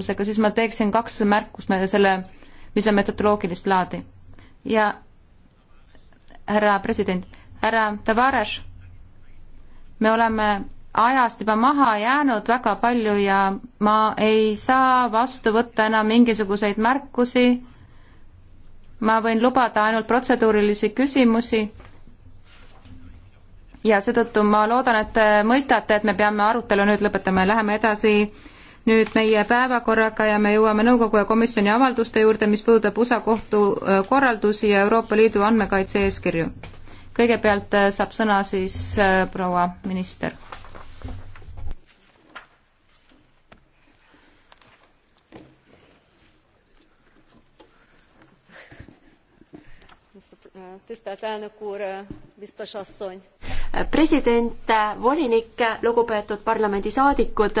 pakkumisega, siis ma teeksin kaks märkust selle, mis on metodoloogilist laadi. ja härra president, härra Tavares, me oleme ajast juba maha jäänud väga palju ja ma ei saa vastu võtta enam mingisuguseid märkusi. ma võin lubada ainult protseduurilisi küsimusi ja seetõttu ma loodan, et te mõistate, et me peame arutelu nüüd lõpetama ja läheme edasi nüüd meie päevakorraga ja me jõuame nõukogu ja komisjoni avalduste juurde, mis puudutab USA kohtu äh, korraldusi ja Euroopa Liidu andmekaitse eeskirju. kõigepealt äh, saab sõna siis äh, proua minister. president, volinik, lugupeetud parlamendisaadikud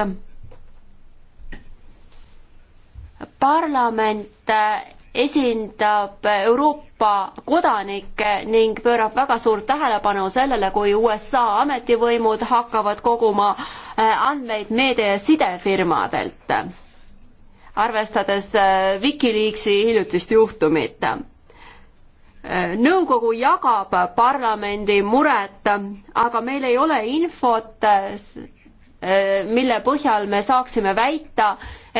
parlament äh, esindab Euroopa kodanikke ning pöörab väga suurt tähelepanu sellele, kui USA ametivõimud hakkavad koguma äh, andmeid meedia- ja sidefirmadelt, arvestades äh, Wikileaksi hiljutist juhtumit. nõukogu jagab parlamendi muret, aga meil ei ole infot Eh, mille põhjal me saaksime väita,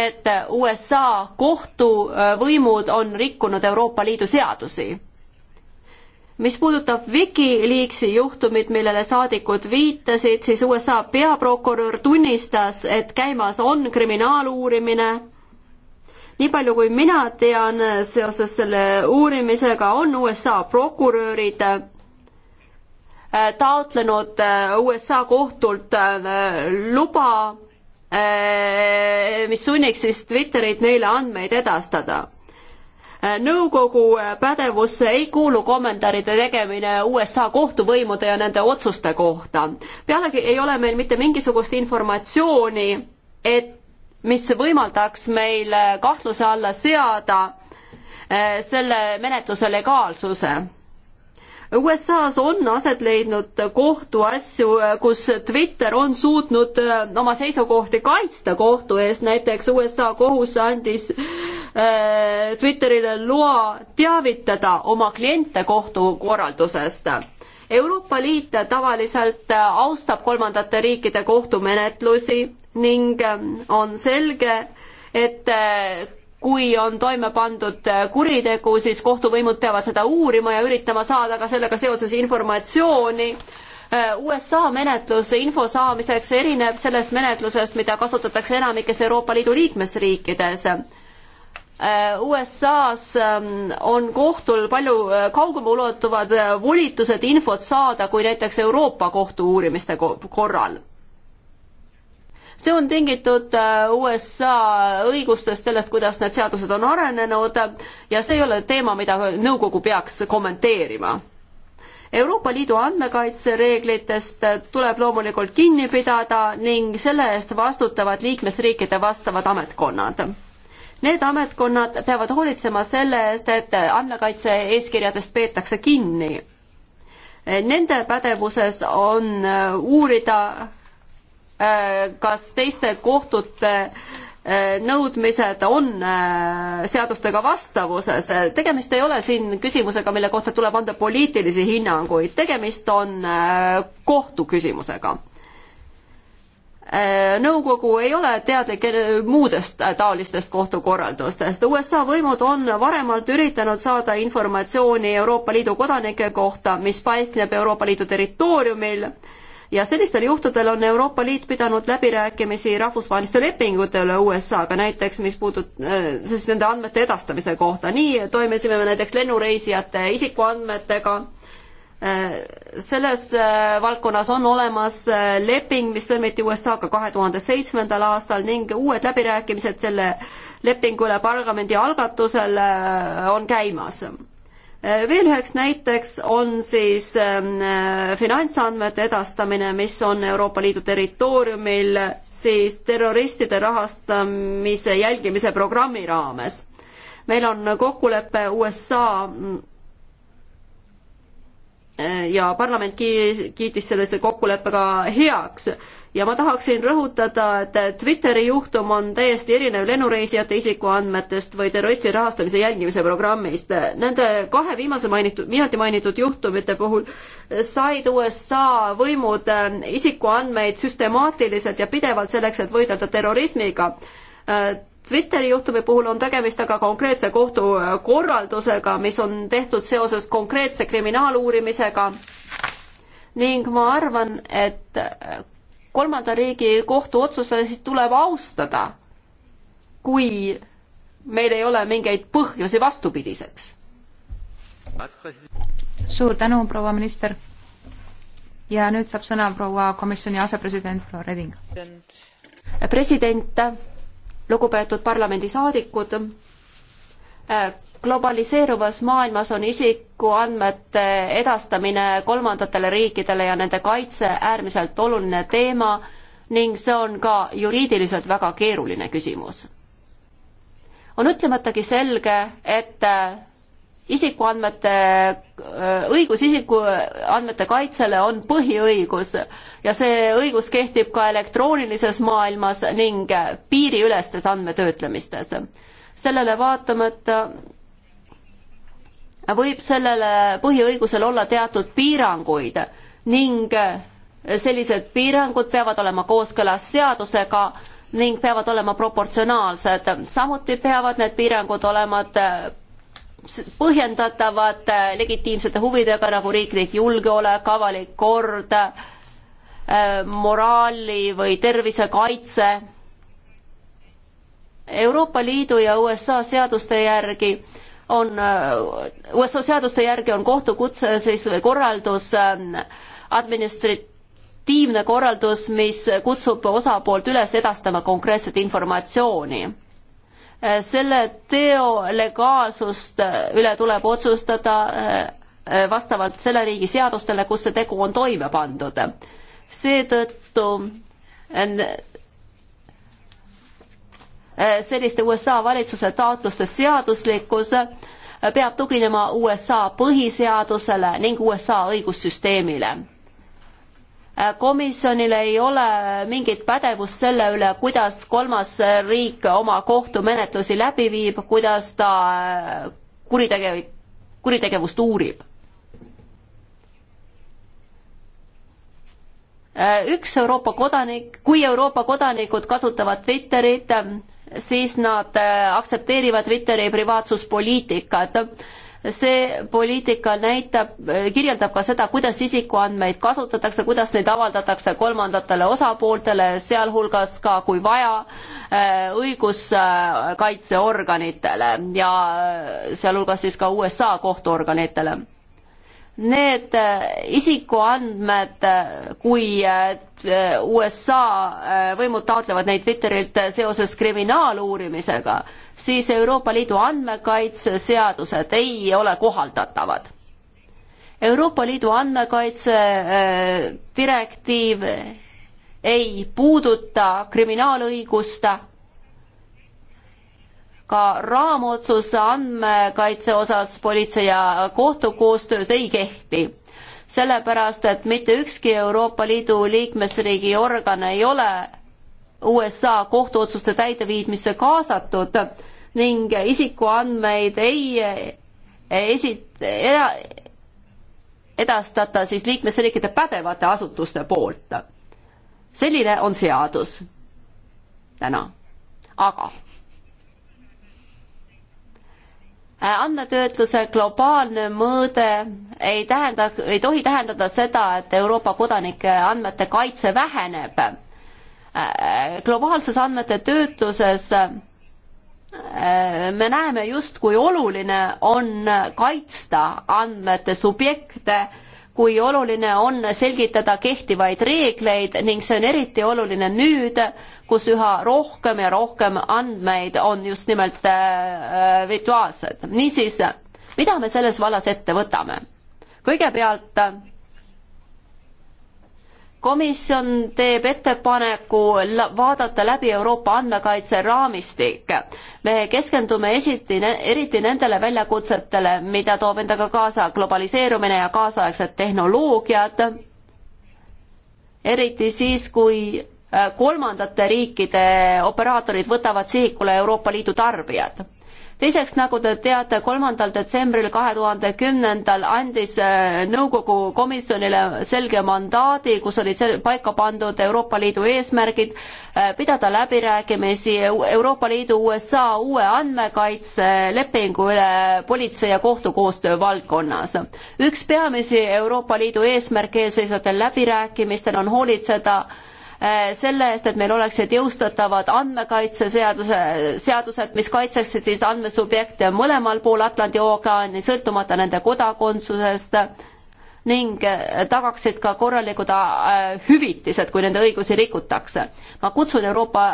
et USA kohtuvõimud on rikkunud Euroopa Liidu seadusi. mis puudutab Wikileaksi juhtumit, millele saadikud viitasid, siis USA peaprokurör tunnistas, et käimas on kriminaaluurimine nii palju kui mina tean, seoses selle uurimisega on USA prokurörid Äh, taotlenud äh, USA kohtult äh, luba, mis sunniks siis Twitterit neile andmeid edastada. nõukogu pädevusse ei kuulu kommentaaride tegemine USA kohtuvõimude ja nende otsuste kohta. pealegi ei ole meil mitte mingisugust informatsiooni, et mis võimaldaks meil kahtluse alla seada selle menetluse legaalsuse USA-s on aset leidnud kohtuasju, kus Twitter on suutnud äh, oma seisukohti kaitsta kohtu ees, näiteks USA kohus andis äh, Twitterile loa teavitada oma kliente kohtukorraldusest. Euroopa Liit tavaliselt äh, austab kolmandate riikide kohtumenetlusi ning on selge, et kui on toime pandud äh, kuritegu, siis kohtuvõimud peavad seda uurima ja üritama saada ka sellega seoses informatsiooni. Äh, USA menetlus info saamiseks erineb sellest menetlusest, mida kasutatakse enamikes Euroopa Liidu liikmesriikides. Äh, USA-s ähm, on kohtul palju kaugemaulatuvad volitused infot saada kui näiteks Euroopa kohtu uurimiste korral see on tingitud äh, USA õigustest, sellest, kuidas need seadused on arenenud ja see ei ole teema, mida nõukogu peaks kommenteerima Euroopa Liidu andmekaitsereeglitest tuleb loomulikult kinni pidada ning selle eest vastutavad liikmesriikide vastavad ametkonnad. Need ametkonnad peavad hoolitsema selle eest, et andmekaitse eeskirjadest peetakse kinni. Nende pädevuses on äh, uurida Äh, kas teiste kohtute äh, nõudmised on äh, seadustega vastavuses. tegemist ei ole siin küsimusega, mille kohta tuleb anda poliitilisi hinnanguid, tegemist on kohtu küsimusega nõukogu ei ole teadlik muudest taolistest kohtukorraldustest. USA võimud on varemalt üritanud saada informatsiooni Euroopa Liidu kodanike kohta, mis paikneb Euroopa Liidu territooriumil ja sellistel juhtudel on Euroopa Liit pidanud läbirääkimisi rahvusvaheliste lepingute üle USA-ga, näiteks mis puudut-, äh, siis nende andmete edastamise kohta, nii toimisime me näiteks lennureisijate isikuandmetega, äh, selles äh, valdkonnas on olemas leping, mis sõlmiti USA-ga kahe tuhande seitsmendal aastal ning uued läbirääkimised selle lepingu üle parlamendi algatusel on käimas Äh, veel üheks näiteks on siis ähm, äh, finantsandmete edastamine, mis on Euroopa Liidu territooriumil siis terroristide rahastamise jälgimise programmi raames. meil on kokkulepe USA mm, äh, ja parlament kiitis sellise kokkuleppe ka heaks ja ma tahaksin rõhutada, et Twitteri juhtum on täiesti erinev lennureisijate isikuandmetest või terroristi rahastamise jälgimise programmist. Nende kahe viimase mainitud, viimati mainitud juhtumite puhul said USA võimud äh, isikuandmeid süstemaatiliselt ja pidevalt selleks, et võidelda terrorismiga. Äh, Twitteri juhtumi puhul on tegemist aga konkreetse kohtukorraldusega, äh, mis on tehtud seoses konkreetse kriminaaluurimisega ning ma arvan, et kolmanda riigi kohtuotsuseid tuleb austada, kui meil ei ole mingeid põhjusi vastupidiseks. suur tänu, proua minister. ja nüüd saab sõna proua komisjoni asepresident proua Reding. president, lugupeetud parlamendisaadikud, globaliseeruvas maailmas on isikuandmete edastamine kolmandatele riikidele ja nende kaitse äärmiselt oluline teema ning see on ka juriidiliselt väga keeruline küsimus. on ütlematagi selge, et äh, isikuandmete, äh, õigus isikuandmete kaitsele on põhiõigus ja see õigus kehtib ka elektroonilises maailmas ning äh, piiriülestes andmetöötlemistes. sellele vaatamata võib sellele põhiõigusele olla teatud piiranguid ning sellised piirangud peavad olema kooskõlas seadusega ning peavad olema proportsionaalsed. samuti peavad need piirangud olema äh, põhjendatavad äh, legitiimsete huvidega nagu riiklik julgeolek, avalik kord, äh, moraali või tervisekaitse. Euroopa Liidu ja USA seaduste järgi on, USA seaduste järgi on kohtukutse siis korraldus ähm, administratiivne korraldus, mis kutsub osapoolt üles edastama konkreetset informatsiooni äh, selle teo legaalsust äh, üle tuleb otsustada äh, vastavalt selle riigi seadustele, kus see tegu on toime pandud. seetõttu Eh, selliste USA valitsuse taotluste seaduslikkus eh, peab tuginema USA põhiseadusele ning USA õigussüsteemile eh, komisjonil ei ole mingit pädevust selle üle, kuidas kolmas riik oma kohtumenetlusi läbi viib, kuidas ta kuritegev-, kuritegevust uurib. üks Euroopa kodanik, kui Euroopa kodanikud kasutavad Twitterit, siis nad äh, aktsepteerivad Twitteri privaatsuspoliitikat. see poliitika näitab, äh, kirjeldab ka seda, kuidas isikuandmeid kasutatakse, kuidas neid avaldatakse kolmandatele osapooltele, sealhulgas ka, kui vaja, äh, õiguskaitseorganitele ja sealhulgas siis ka USA kohtuorganitele need äh, isikuandmed, äh, kui äh, USA võimud taotlevad neid Twitterilt seoses kriminaaluurimisega, siis Euroopa Liidu andmekaitseseadused ei ole kohaldatavad. Euroopa Liidu andmekaitse direktiiv ei puuduta kriminaalõigust ka raamotsus andmekaitse osas politsei ja kohtu koostöös ei kehti. sellepärast, et mitte ükski Euroopa Liidu liikmesriigi organ ei ole USA kohtuotsuste täideviimisse kaasatud ning isikuandmeid ei esit-, era-, edastata siis liikmesriikide pädevate asutuste poolt. selline on seadus täna. aga Äh, andmetöötluse globaalne mõõde ei tähenda, ei tohi tähendada seda, et Euroopa kodanike andmete kaitse väheneb. Äh, globaalses andmete töötluses äh, me näeme just, kui oluline on kaitsta andmete subjekte kui oluline on selgitada kehtivaid reegleid ning see on eriti oluline nüüd, kus üha rohkem ja rohkem andmeid on just nimelt äh, äh virtuaalsed. niisiis, mida me selles vallas ette võtame? kõigepealt äh, komisjon teeb ettepaneku vaadata läbi Euroopa andmekaitse raamistik. me keskendume esiti, eriti nendele väljakutsetele, mida toob endaga kaasa globaliseerumine ja kaasaegsed tehnoloogiad, eriti siis, kui äh, kolmandate riikide operaatorid võtavad sihikule Euroopa Liidu tarbijad teiseks, nagu te teate, kolmandal detsembril kahe tuhande kümnendal andis äh, nõukogu komisjonile selge mandaadi, kus olid paika pandud Euroopa Liidu eesmärgid äh, pidada läbirääkimisi e Euroopa Liidu USA uue andmekaitselepingu üle politsei ja kohtu koostöö valdkonnas. üks peamisi Euroopa Liidu eesmärke eelseisvatel läbirääkimistel on hoolitseda Äh, selle eest, et meil oleksid jõustatavad andmekaitseseaduse, seadused, mis kaitseksid siis andmesubjekte mõlemal pool Atlandi ookeani, sõltumata nende kodakondsusest ning äh, tagaksid ka korralikud äh, hüvitised, kui nende õigusi rikutakse. ma kutsun Euroopa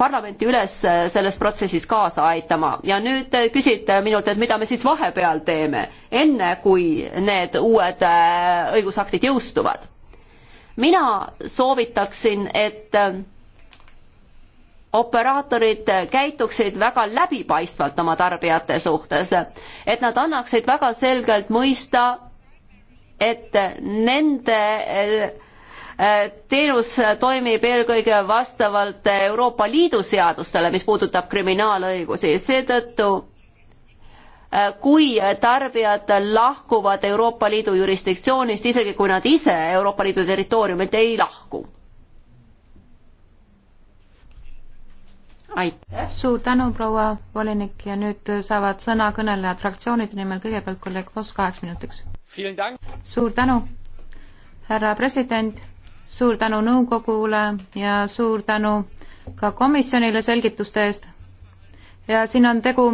Parlamenti üles selles protsessis kaasa aitama ja nüüd küsite minult, et mida me siis vahepeal teeme, enne kui need uued õigusaktid jõustuvad mina soovitaksin, et ähm, operaatorid käituksid väga läbipaistvalt oma tarbijate suhtes, et nad annaksid väga selgelt mõista, et nende äh, äh, teenus toimib eelkõige vastavalt Euroopa Liidu seadustele, mis puudutab kriminaalõigusi, seetõttu Äh, kui tarbijad lahkuvad Euroopa Liidu jurisdiktsioonist, isegi kui nad ise Euroopa Liidu territooriumilt ei lahku. aitäh. suur tänu, proua volinik ja nüüd saavad sõna kõnelejad fraktsioonide nimel, kõigepealt kolleeg Voss kaheks minutiks. suur tänu, härra president, suur tänu nõukogule ja suur tänu ka komisjonile selgituste eest. ja siin on tegu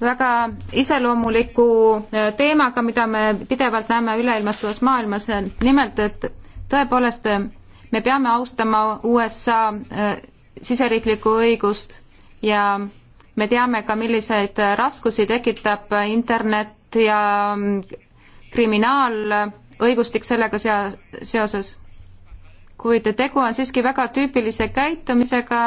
väga iseloomuliku äh, teemaga, mida me pidevalt näeme üleilmastuvas maailmas, nimelt et tõepoolest äh, me peame austama USA äh, siseriiklikku õigust ja me teame ka, milliseid raskusi tekitab internet ja mm, kriminaalõigustik sellega sea-, seoses kuid tegu on siiski väga tüüpilise käitumisega,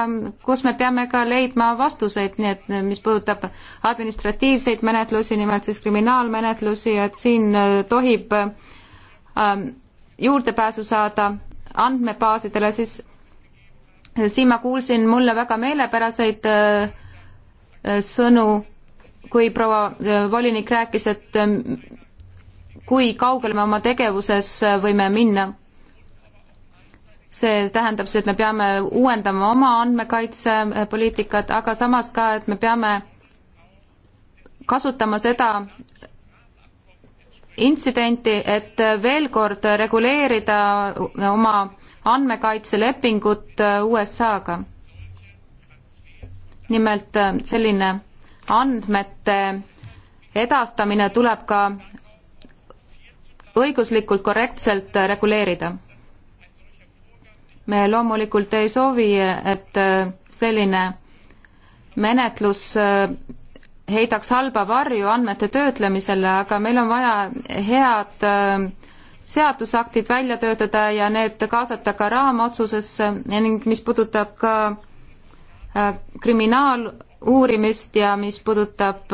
kus me peame ka leidma vastuseid, nii et mis puudutab administratiivseid menetlusi, nimelt siis kriminaalmenetlusi, et siin äh, tohib ähm, juurdepääsu saada andmebaasidele, siis äh, siin ma kuulsin mulle väga meelepäraseid äh, äh, sõnu, kui proua äh, volinik rääkis, et äh, kui kaugele me oma tegevuses võime minna see tähendab see, et me peame uuendama oma andmekaitsepoliitikat, aga samas ka, et me peame kasutama seda intsidenti, et veel kord reguleerida oma andmekaitselepingut USA-ga. nimelt selline andmete edastamine tuleb ka õiguslikult korrektselt reguleerida me loomulikult ei soovi, et äh, selline menetlus äh, heidaks halba varju andmete töötlemisele, aga meil on vaja head äh, seadusaktid välja töötada ja need kaasata ka raamotsusesse ning mis puudutab ka kriminaaluurimist ja mis puudutab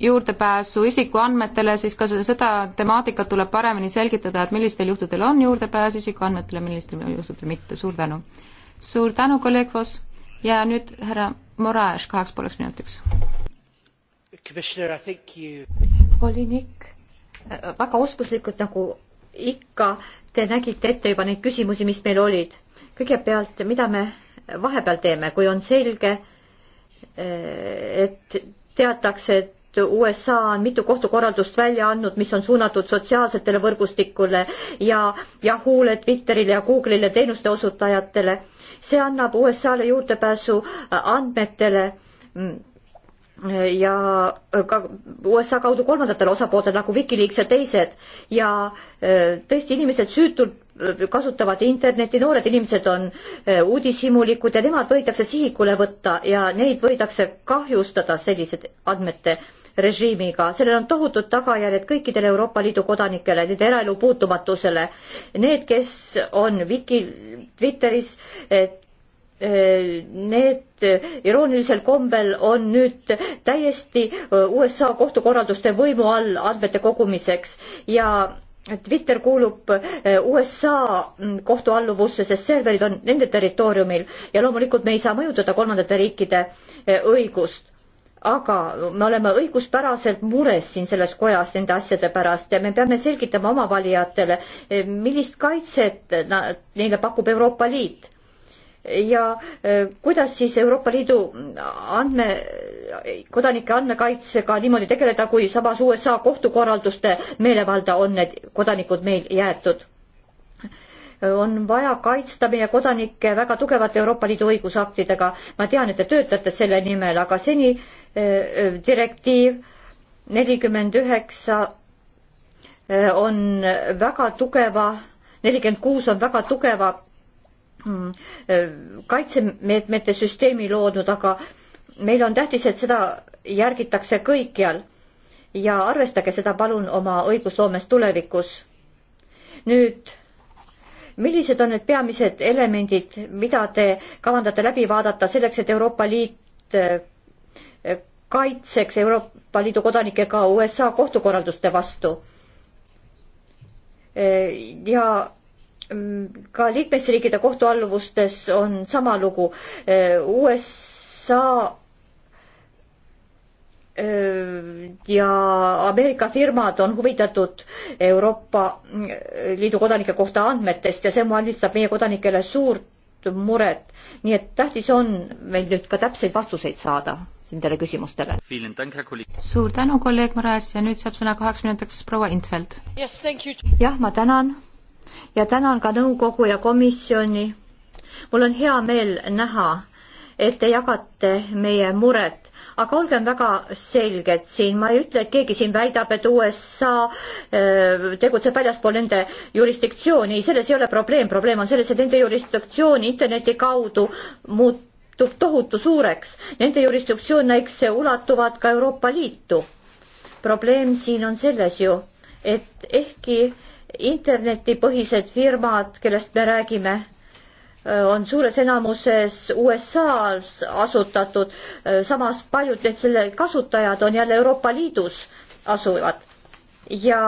juurdepääsu isikuandmetele, siis ka seda temaatikat tuleb paremini selgitada, et millistel juhtudel on juurdepääs isikuandmetele, millistel juhtudel mitte, suur tänu. suur tänu, kolleeg Voss ja nüüd härra Moraes kaheks pooleks minutiks. volinik, väga oskuslikult nagu ikka, te nägite ette juba neid küsimusi, mis meil olid. kõigepealt, mida me vahepeal teeme, kui on selge, eh, et teatakse, et USA on mitu kohtukorraldust välja andnud, mis on suunatud sotsiaalsetele võrgustikule ja Yahoo'le, Twitterile ja Google'ile teenuste osutajatele. see annab USA-le juurdepääsu äh, andmetele mm, ja äh, ka USA kaudu kolmandatele osapooltele nagu Wikileaks ja teised ja äh, tõesti inimesed süütult kasutavad internetti, noored inimesed on uudishimulikud ja nemad võidakse sihikule võtta ja neid võidakse kahjustada selliste andmete režiimiga. sellel on tohutud tagajärjed kõikidele Euroopa Liidu kodanikele, nende eraelu puutumatusele. Need, kes on Viki, Twitteris, eh, Need iroonilisel kombel on nüüd täiesti eh, USA kohtukorralduste võimu all andmete kogumiseks ja Twitter kuulub eh, USA mm, kohtualluvusse, sest serverid on nende territooriumil ja loomulikult me ei saa mõjutada kolmandate riikide õigust aga me oleme õiguspäraselt mures siin selles kojas nende asjade pärast ja me peame selgitama oma valijatele, eh, millist kaitset neile pakub Euroopa Liit. ja eh, kuidas siis Euroopa Liidu andme, kodanike andmekaitsega niimoodi tegeleda, kui samas USA kohtukorralduste meelevalda on need kodanikud meil jäetud? on vaja kaitsta meie kodanikke väga tugevate Euroopa Liidu õigusaktidega. ma tean, et te töötate selle nimel, aga seni äh, direktiiv nelikümmend üheksa on väga tugeva, nelikümmend kuus on väga tugeva mm, kaitsemeetmete süsteemi loodud, aga meil on tähtis, et seda järgitakse kõikjal ja arvestage seda palun oma õigusloomes tulevikus. nüüd, millised on need peamised elemendid, mida te kavandate läbi vaadata selleks, et Euroopa Liit kaitseks Euroopa Liidu kodanike ka USA kohtukorralduste vastu. Äh, ja mm, ka liikmesriikide kohtualluvustes on sama lugu. Äh, USA äh, ja Ameerika firmad on huvitatud Euroopa Liidu kodanike kohta andmetest ja see valmistab meie kodanikele suurt muret. nii et tähtis on meil nüüd ka täpseid vastuseid saada nendele küsimustele. suur tänu, kolleeg Moraes ja nüüd saab sõna kaheks minutiks proua Intveld yes,. jah, ma tänan ja tänan ka nõukogu ja komisjoni. mul on hea meel näha, et te jagate meie muret, aga olgem väga selged siin, ma ei ütle, et keegi siin väidab, et USA äh, tegutseb väljaspool nende jurisdiktsiooni, selles ei ole probleem, probleem on selles, et nende jurisdiktsiooni interneti kaudu muut-, muutub tohutu suureks. Nende jurisdiktsioon näiteks ulatuvad ka Euroopa Liitu. probleem siin on selles ju, et ehkki internetipõhised firmad, kellest me räägime, on suures enamuses USA-s asutatud, samas paljud need selle kasutajad on jälle Euroopa Liidus asuvad ja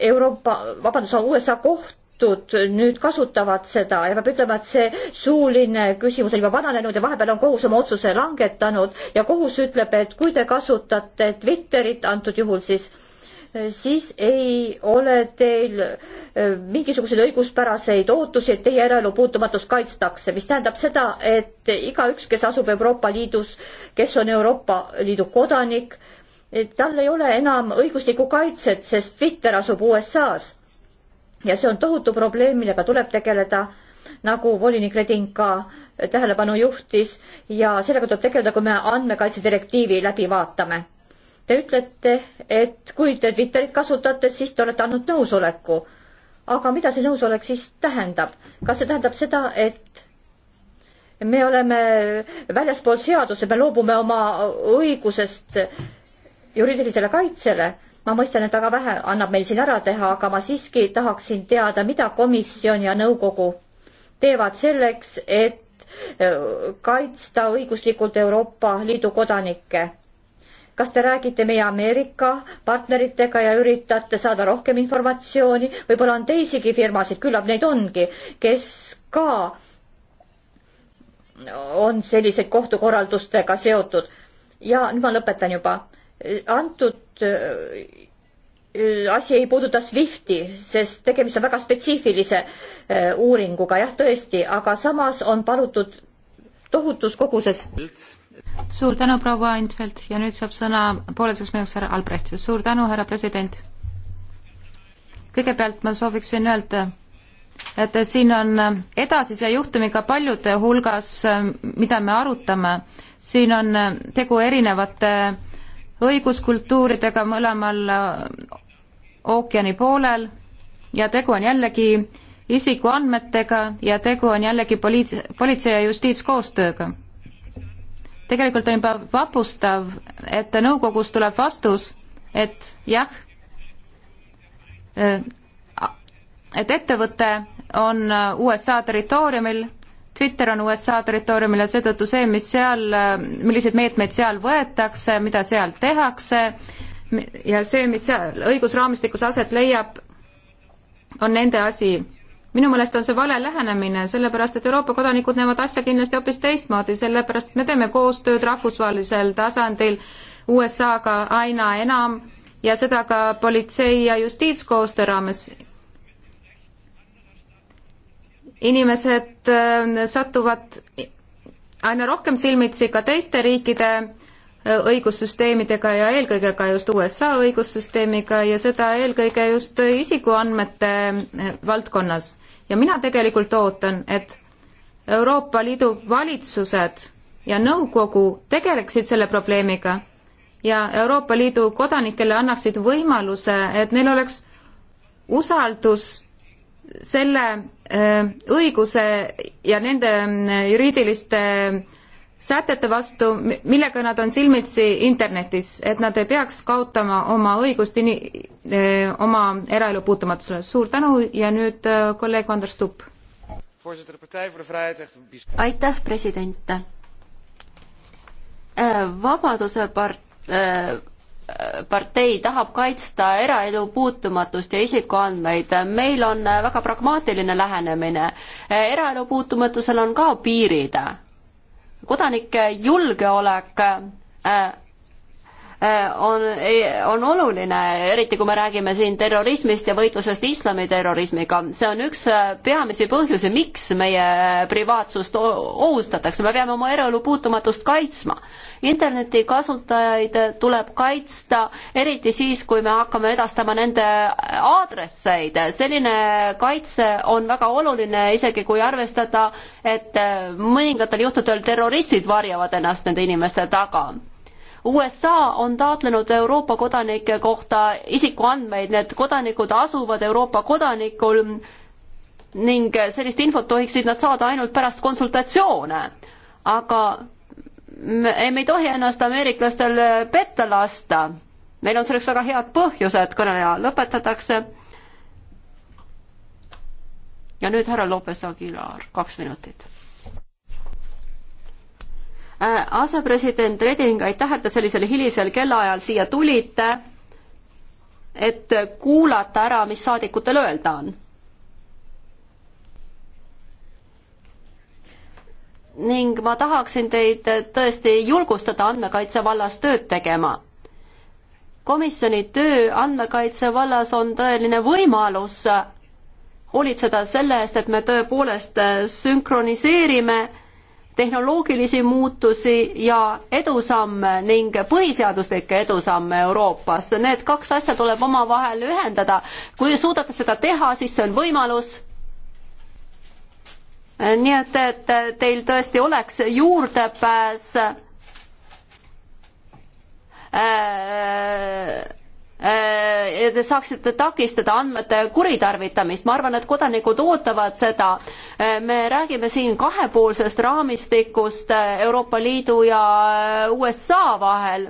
Euroopa, vabandust, USA koht jutud nüüd kasutavad seda ja peab ütlema, et see suuline küsimus on juba vananenud ja vahepeal on kohus oma otsuse langetanud ja kohus ütleb, et kui te kasutate Twitterit antud juhul, siis siis ei ole teil äh, mingisuguseid õiguspäraseid ootusi, et teie eraelu puutumatust kaitstakse, mis tähendab seda, et igaüks, kes asub Euroopa Liidus, kes on Euroopa Liidu kodanik, et tal ei ole enam õiguslikku kaitset, sest Twitter asub USA-s ja see on tohutu probleem, millega tuleb tegeleda, nagu volinik Reding ka tähelepanu juhtis ja sellega tuleb tegeleda, kui me andmekaitse direktiivi läbi vaatame. Te ütlete, et kui te Twitterit kasutate, siis te olete andnud nõusoleku. aga mida see nõusolek siis tähendab? kas see tähendab seda, et me oleme väljaspool seaduse, me loobume oma õigusest juriidilisele kaitsele ma mõistan, et väga vähe annab meil siin ära teha, aga ma siiski tahaksin teada, mida komisjon ja nõukogu teevad selleks, et äh, kaitsta õiguslikult Euroopa Liidu kodanikke. kas te räägite meie Ameerika partneritega ja üritate saada rohkem informatsiooni, võib-olla on teisigi firmasid, küllap neid ongi, kes ka on selliseid kohtukorraldustega seotud. ja nüüd ma lõpetan juba. Äh, antud Äh, äh, asi ei puuduta SWIFTi, sest tegemist on väga spetsiifilise äh, uuringuga, jah, tõesti, aga samas on palutud tohutus koguses. suur tänu, proua Einfeld ja nüüd saab sõna pooleteiseks minutiks härra Albrecht. suur tänu, härra president. kõigepealt ma sooviksin öelda, et siin on edasise juhtumiga paljude hulgas, mida me arutame. siin on tegu erinevate õiguskultuuridega mõlemal äh, ookeani poolel ja tegu on jällegi isikuandmetega ja tegu on jällegi poliits-, politsei ja justiitskoostööga. tegelikult on juba vapustav, et nõukogus tuleb vastus, et jah, äh, et ettevõte on äh, USA territooriumil Twitter on USA territooriumil ja seetõttu see, mis seal, milliseid meetmeid seal võetakse, mida seal tehakse ja see, mis seal õigusraamistikus aset leiab, on nende asi. minu meelest on see vale lähenemine, sellepärast et Euroopa kodanikud näevad asja kindlasti hoopis teistmoodi, sellepärast et me teeme koostööd rahvusvahelisel tasandil USA-ga aina enam ja seda ka politsei- ja justiitskoostöö raames inimesed äh, satuvad aina rohkem silmitsi ka teiste riikide äh, õigussüsteemidega ja eelkõige ka just USA õigussüsteemiga ja seda eelkõige just isikuandmete äh, valdkonnas. ja mina tegelikult ootan, et Euroopa Liidu valitsused ja nõukogu tegeleksid selle probleemiga ja Euroopa Liidu kodanikele annaksid võimaluse, et neil oleks usaldus selle äh, õiguse ja nende mm, juriidiliste äh, sätete vastu, millega nad on silmitsi internetis, et nad ei peaks kaotama oma õigust ini-, äh, oma eraelu puutumatusele. suur tänu ja nüüd kolleeg Vander Stubb. aitäh, president. Vabaduse part-, partei tahab kaitsta eraelu puutumatust ja isikuandmeid. meil on väga pragmaatiline lähenemine. eraelu puutumatusel on ka piirid. kodanike julgeolek Äh, on, on oluline, eriti kui me räägime siin terrorismist ja võitlusest islamiterrorismiga. see on üks äh, peamisi põhjusi, miks meie privaatsust ohustatakse, me peame oma eraelu puutumatust kaitsma. interneti kasutajaid tuleb kaitsta, eriti siis, kui me hakkame edastama nende aadresseid. selline kaitse on väga oluline, isegi kui arvestada, et äh, mõningatel juhtudel terroristid varjavad ennast nende inimeste taga USA on taotlenud Euroopa kodanike kohta isikuandmeid, need kodanikud asuvad Euroopa kodanikul ning sellist infot tohiksid nad saada ainult pärast konsultatsioone. aga me, me ei tohi ennast ameeriklastel petta lasta. meil on selleks väga head põhjused, kõneleja lõpetatakse. ja nüüd härra Lopez Aguilar, kaks minutit Äh, asepresident Reding, aitäh, et te sellisel hilisel kellaajal siia tulite, et kuulata ära, mis saadikutel öelda on. ning ma tahaksin teid tõesti julgustada andmekaitse vallas tööd tegema. komisjoni töö andmekaitse vallas on tõeline võimalus hoolitseda selle eest, et me tõepoolest sünkroniseerime tehnoloogilisi muutusi ja edusamme ning põhiseaduslikke edusamme Euroopas. Need kaks asja tuleb omavahel ühendada. kui suudate seda teha, siis see on võimalus. nii et, et teil tõesti oleks juurdepääs äh, Äh, te saaksite takistada andmete kuritarvitamist, ma arvan, et kodanikud ootavad seda. Äh, me räägime siin kahepoolsest raamistikust äh, Euroopa Liidu ja USA vahel.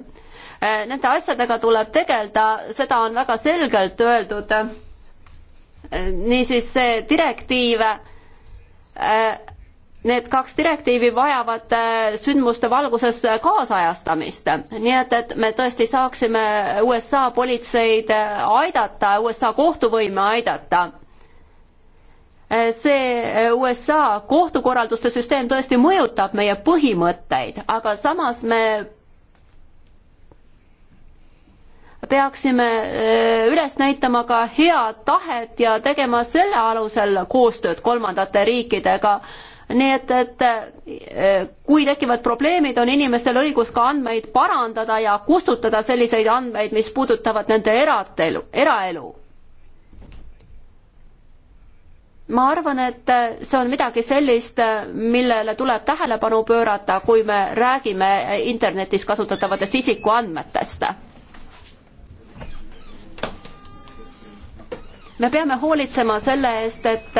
Nende asjadega tuleb tegeleda, seda on väga selgelt öeldud. niisiis see direktiiv need kaks direktiivi vajavad äh, sündmuste valguses äh, kaasajastamist, nii et, et me tõesti saaksime USA politseid äh, aidata, USA kohtuvõime aidata. see USA kohtukorralduste süsteem tõesti mõjutab meie põhimõtteid, aga samas me peaksime üles näitama ka head tahet ja tegema selle alusel koostööd kolmandate riikidega nii et, et eh, kui tekivad probleemid, on inimestel õigus ka andmeid parandada ja kustutada selliseid andmeid, mis puudutavad nende eratelu, eraelu. ma arvan, et see on midagi sellist, millele tuleb tähelepanu pöörata, kui me räägime internetis kasutatavatest isikuandmetest me peame hoolitsema selle eest, et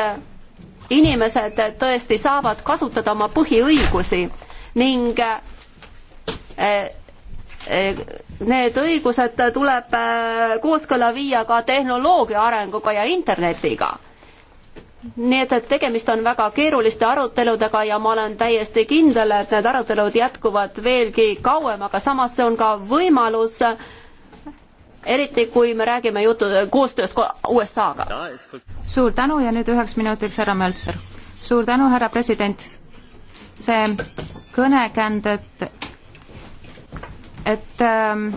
inimesed tõesti saavad kasutada oma põhiõigusi ning eh, eh, need õigused tuleb eh, kooskõlla viia ka tehnoloogia arenguga ja internetiga. nii et, et tegemist on väga keeruliste aruteludega ja ma olen täiesti kindel, et need arutelud jätkuvad veelgi kauem, aga samas see on ka võimalus äh, eriti kui me räägime jutu, koostööst USA-ga. suur tänu ja nüüd üheks minutiks härra Möltser. suur tänu, härra president. see kõnekänd, et, et ähm,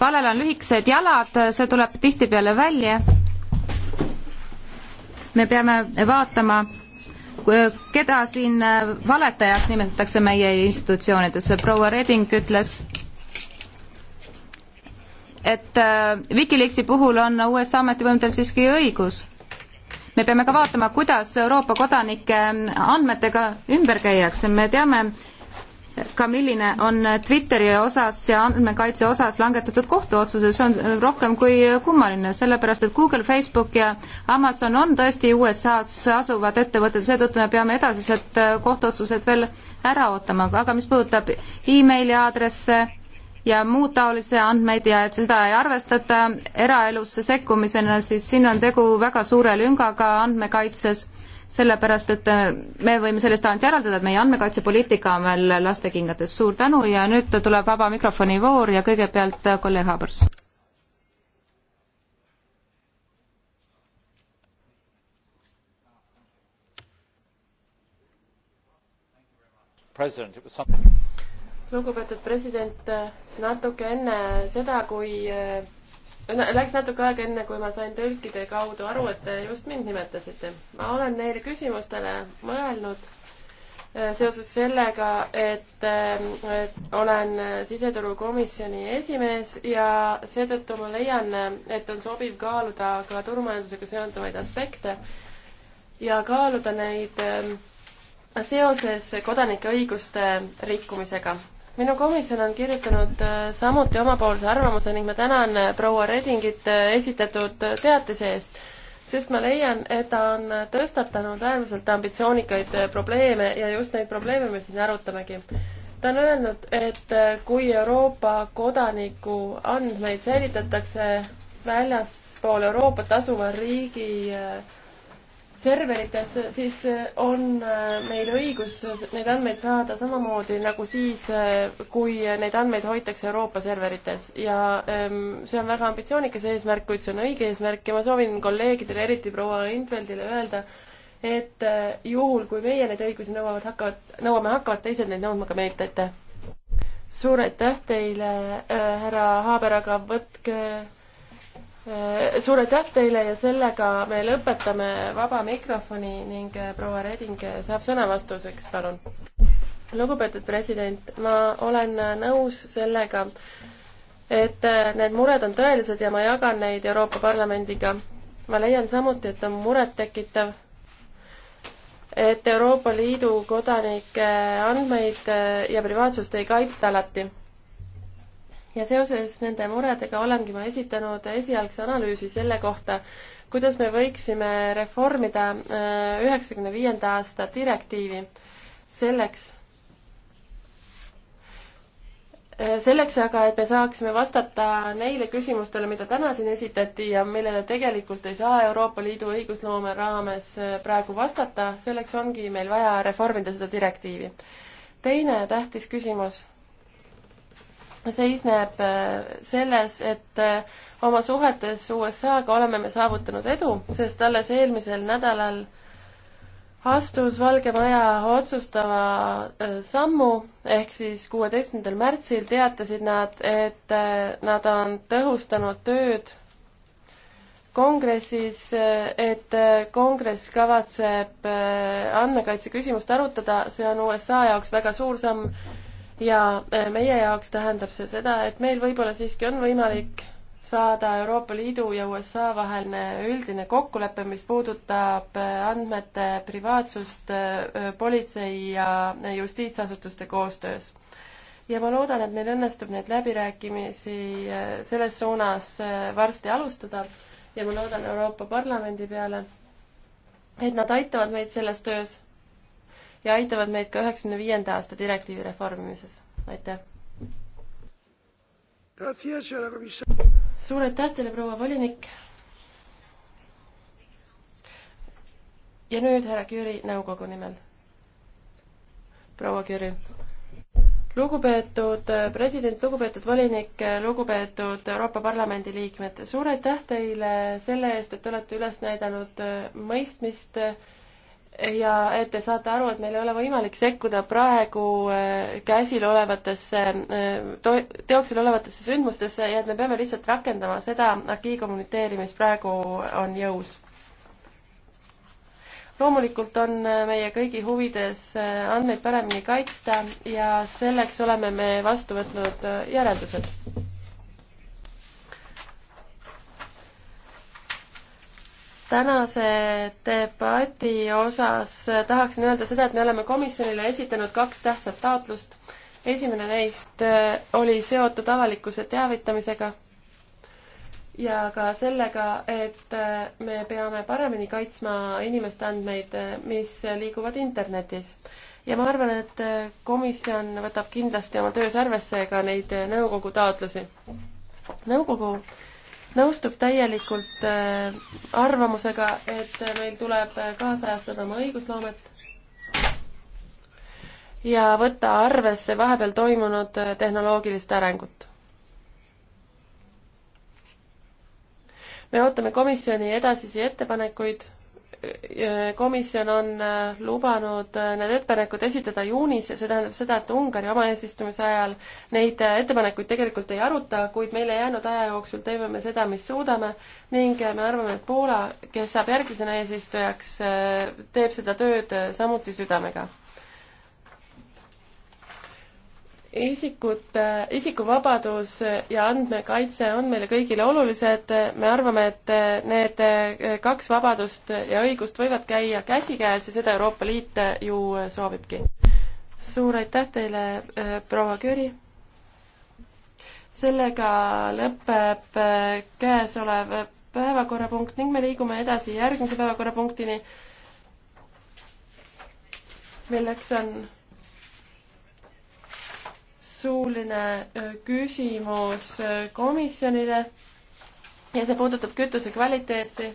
valel on lühikesed jalad, see tuleb tihtipeale välja. me peame vaatama, keda siin valetajaks nimetatakse meie institutsioonides. proua Reding ütles, et äh, Wikileaksi puhul on USA ametivõimudel siiski õigus. me peame ka vaatama, kuidas Euroopa kodanike ähm, andmetega ümber käiakse, me teame ka milline on Twitteri osas ja andmekaitse osas langetatud kohtuotsus ja see on rohkem kui kummaline, sellepärast et Google, Facebook ja Amazon on tõesti USA-s asuvad ettevõtted, seetõttu me peame edasised äh, kohtuotsused veel ära ootama, aga mis puudutab emaili aadresse, ja muud taolisi andmeid ja et seda ei arvestata eraelusse sekkumisena, siis siin on tegu väga suure lüngaga andmekaitses, sellepärast et äh, me võime sellest ainult järeldada, et meie andmekaitsepoliitika on veel lastekingates. suur tänu ja nüüd tuleb vaba mikrofoni voor ja kõigepealt äh, kolleeg Haabers. president it was something lugupeetud president, natuke enne seda, kui äh, Läks natuke aega, enne kui ma sain tõlkide kaudu aru, et te just mind nimetasite. ma olen neile küsimustele mõelnud äh, seoses sellega, et, et äh, olen siseturukomisjoni esimees ja seetõttu ma leian, et on sobiv kaaluda ka turumajandusega seonduvaid aspekte ja kaaluda neid ähm, seoses kodanike õiguste rikkumisega minu komisjon on kirjutanud äh, samuti omapoolse arvamuse ning ma tänan äh, proua Redingit äh, esitatud teatise eest, sest ma leian, et ta on tõstatanud äärmiselt ambitsioonikaid probleeme ja just neid probleeme me siin arutamegi. ta on öelnud, et kui Euroopa kodaniku andmeid säilitatakse väljaspool Euroopat asuva riigi äh, serverites, siis äh, on äh, meil õigus neid andmeid saada samamoodi nagu siis, äh, kui neid andmeid hoitakse Euroopa serverites ja ähm, see on väga ambitsioonikas eesmärk, kuid see on õige eesmärk ja ma soovin kolleegidele, eriti proua Infeldile öelda, et juhul, kui meie neid õigusi nõuavad, hakkavad, nõuame, hakkavad teised neid nõudma ka meilt, aitäh! suur aitäh teile äh,, härra Haaber, aga võtke Eh, suur aitäh teile ja sellega me lõpetame vaba mikrofoni ning eh, proua Reding eh, saab sõna vastuseks, palun. lugupeetud president, ma olen nõus sellega, et need mured on tõelised ja ma jagan neid Euroopa Parlamendiga. ma leian samuti, et on murettekitav, et Euroopa Liidu kodanike andmeid ja privaatsust ei kaitsta alati ja seoses nende muredega olengi ma esitanud esialgse analüüsi selle kohta, kuidas me võiksime reformida äh, üheksakümne viienda aasta direktiivi selleks, äh, selleks aga, et me saaksime vastata neile küsimustele, mida täna siin esitati ja millele tegelikult ei saa Euroopa Liidu õigusloome raames äh, praegu vastata, selleks ongi meil vaja reformida seda direktiivi. teine tähtis küsimus seisneb äh, selles, et äh, oma suhetes USA-ga oleme me saavutanud edu, sest alles eelmisel nädalal astus Valge Maja otsustava äh, sammu, ehk siis kuueteistkümnendal märtsil teatasid nad, et nad on tõhustanud tööd kongressis, et kongress kavatseb andmekaitse küsimust arutada, see on USA jaoks väga suur samm ja äh, meie jaoks tähendab see seda, et meil võib-olla siiski on võimalik saada Euroopa Liidu ja USA vaheline üldine kokkulepe, mis puudutab äh, andmete privaatsust äh, politsei ja justiitsasutuste koostöös. ja ma loodan, et meil õnnestub neid läbirääkimisi selles suunas varsti alustada ja ma loodan Euroopa Parlamendi peale, et nad aitavad meid selles töös ja aitavad meid ka üheksakümne viienda aasta direktiivi reformimises. aitäh! suur aitäh teile, proua volinik! ja nüüd härra Küüri nõukogu nimel. proua Küüri. lugupeetud äh, president, lugupeetud volinik, äh, lugupeetud Euroopa Parlamendi liikmed, suur aitäh teile selle eest, et te olete üles näidanud äh, mõistmist äh, ja et te saate aru, et meil ei ole võimalik sekkuda praegu äh, käsil olevatesse, äh, teoksil olevatesse sündmustesse ja et me peame lihtsalt rakendama seda acquis communitaire'i, mis praegu on jõus. loomulikult on äh, meie kõigi huvides andmeid paremini kaitsta ja selleks oleme me vastu võtnud järeldused tänase debati osas tahaksin öelda seda, et me oleme komisjonile esitanud kaks tähtsat taotlust. esimene neist äh, oli seotud avalikkuse teavitamisega ja ka sellega, et äh, me peame paremini kaitsma inimeste andmeid, äh, mis liiguvad internetis. ja ma arvan, et komisjon võtab kindlasti oma töös arvesse ka neid nõukogu taotlusi. nõukogu nõustub täielikult äh, arvamusega, et meil tuleb äh, kaasajastada oma õigusloomet ja võtta arvesse vahepeal toimunud äh, tehnoloogilist arengut. me ootame komisjoni edasisi ettepanekuid komisjon on äh, lubanud äh, need ettepanekud esitada juunis ja see tähendab seda, et Ungari oma eesistumise ajal neid äh, ettepanekuid tegelikult ei aruta, kuid meile jäänud aja jooksul teeme me seda, mis suudame ning me arvame, et Poola, kes saab järgmisena eesistujaks, teeb seda tööd samuti südamega isikute, äh, isikuvabadus ja andmekaitse on meile kõigile olulised, me arvame, et äh, need äh, kaks vabadust ja õigust võivad käia käsikäes ja seda Euroopa Liit ju soovibki. suur aitäh teile, proua Köri! sellega lõpeb käesolev päevakorrapunkt ning me liigume edasi järgmise päevakorrapunktini, milleks on suuline äh, küsimus äh, komisjonile ja see puudutab kütuse kvaliteeti